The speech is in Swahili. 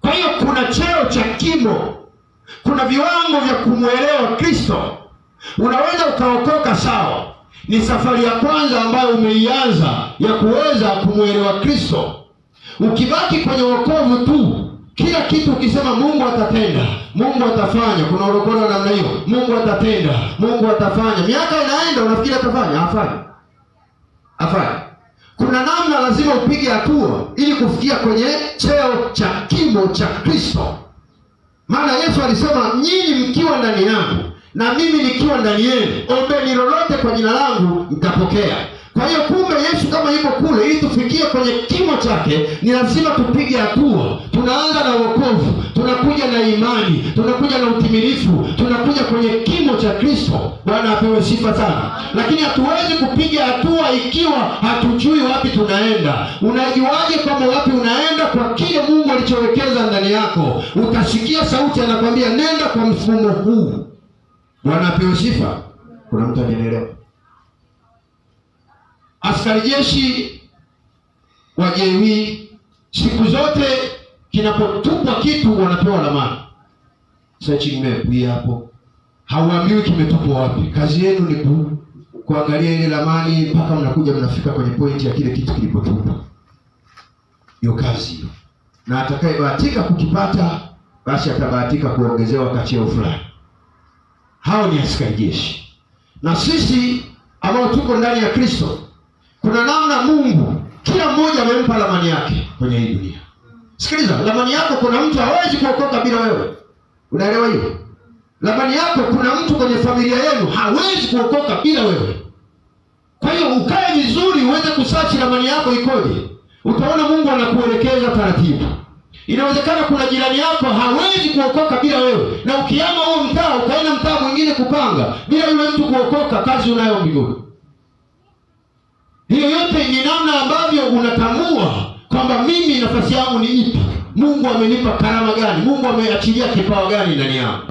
Kwa hiyo kuna cheo cha kimo, kuna viwango vya kumwelewa Kristo. Unaweza ukaokoka sawa, ni safari ya kwanza ambayo umeianza ya kuweza kumwelewa Kristo. Ukibaki kwenye wokovu tu, kila kitu ukisema Mungu atatenda, Mungu atafanya, kuna orogoro namna hiyo, Mungu atatenda, Mungu atafanya, miaka inaenda, unafikiri atafanya? Afanye afanye. Kuna namna lazima upige hatua ili kufikia kwenye cheo cha kimo cha Kristo. Maana Yesu alisema, nyinyi mkiwa ndani yangu na mimi nikiwa ndani yenu, ombeni lolote kwa jina langu mtapokea. Kwa hiyo kumbe, Yesu kama yuko kule, ili tufikie kwenye kimo chake ni lazima tupige hatua. Tunaanza na wokovu, tunakuja na imani, tunakuja na utimilifu, tunakuja kwenye kimo cha Kristo. Bwana apewe sifa sana, lakini hatuwezi kupiga hatua ikiwa hatujui wapi tunaenda. Unajuaje kwamba wapi unaenda? Kwa kile Mungu alichowekeza ndani yako. Utasikia sauti anakwambia nenda kwa mfumo huu. Bwana apewe sifa. Kuna mtu anielewa? Askari jeshi wa jemi siku zote kinapotupwa kitu wanapewa lamana sachi map hapo, hauambiwi kimetupwa wapi. Kazi yenu ni ku, kuangalia ile lamani mpaka mnakuja mnafika kwenye pointi ya kile kitu kilipotupwa. Hiyo kazi hiyo, na atakayebahatika kukipata basi atabahatika kuongezewa kacheo fulani. Hao ni askari jeshi, na sisi ambao tuko ndani ya Kristo kuna namna Mungu kila mmoja amempa ramani yake kwenye hii dunia. Sikiliza, ramani yako, kuna mtu hawezi kuokoka bila wewe. Unaelewa hiyo? Ramani yako, kuna mtu kwenye familia yenu hawezi kuokoka bila wewe. Kwa hiyo ukae vizuri, uweze kusachi ramani yako ikoje, utaona Mungu anakuelekeza taratibu. Inawezekana kuna jirani yako hawezi kuokoka bila wewe, na ukiama huo mtaa ukaenda mtaa mwingine kupanga bila yule mtu kuokoka, kazi unayo mbinguni. Hiyo yote ni namna ambavyo unatambua kwamba mimi nafasi yangu ni ipi. Mungu amenipa karama gani? Mungu ameachilia kipawa gani ndani yangu?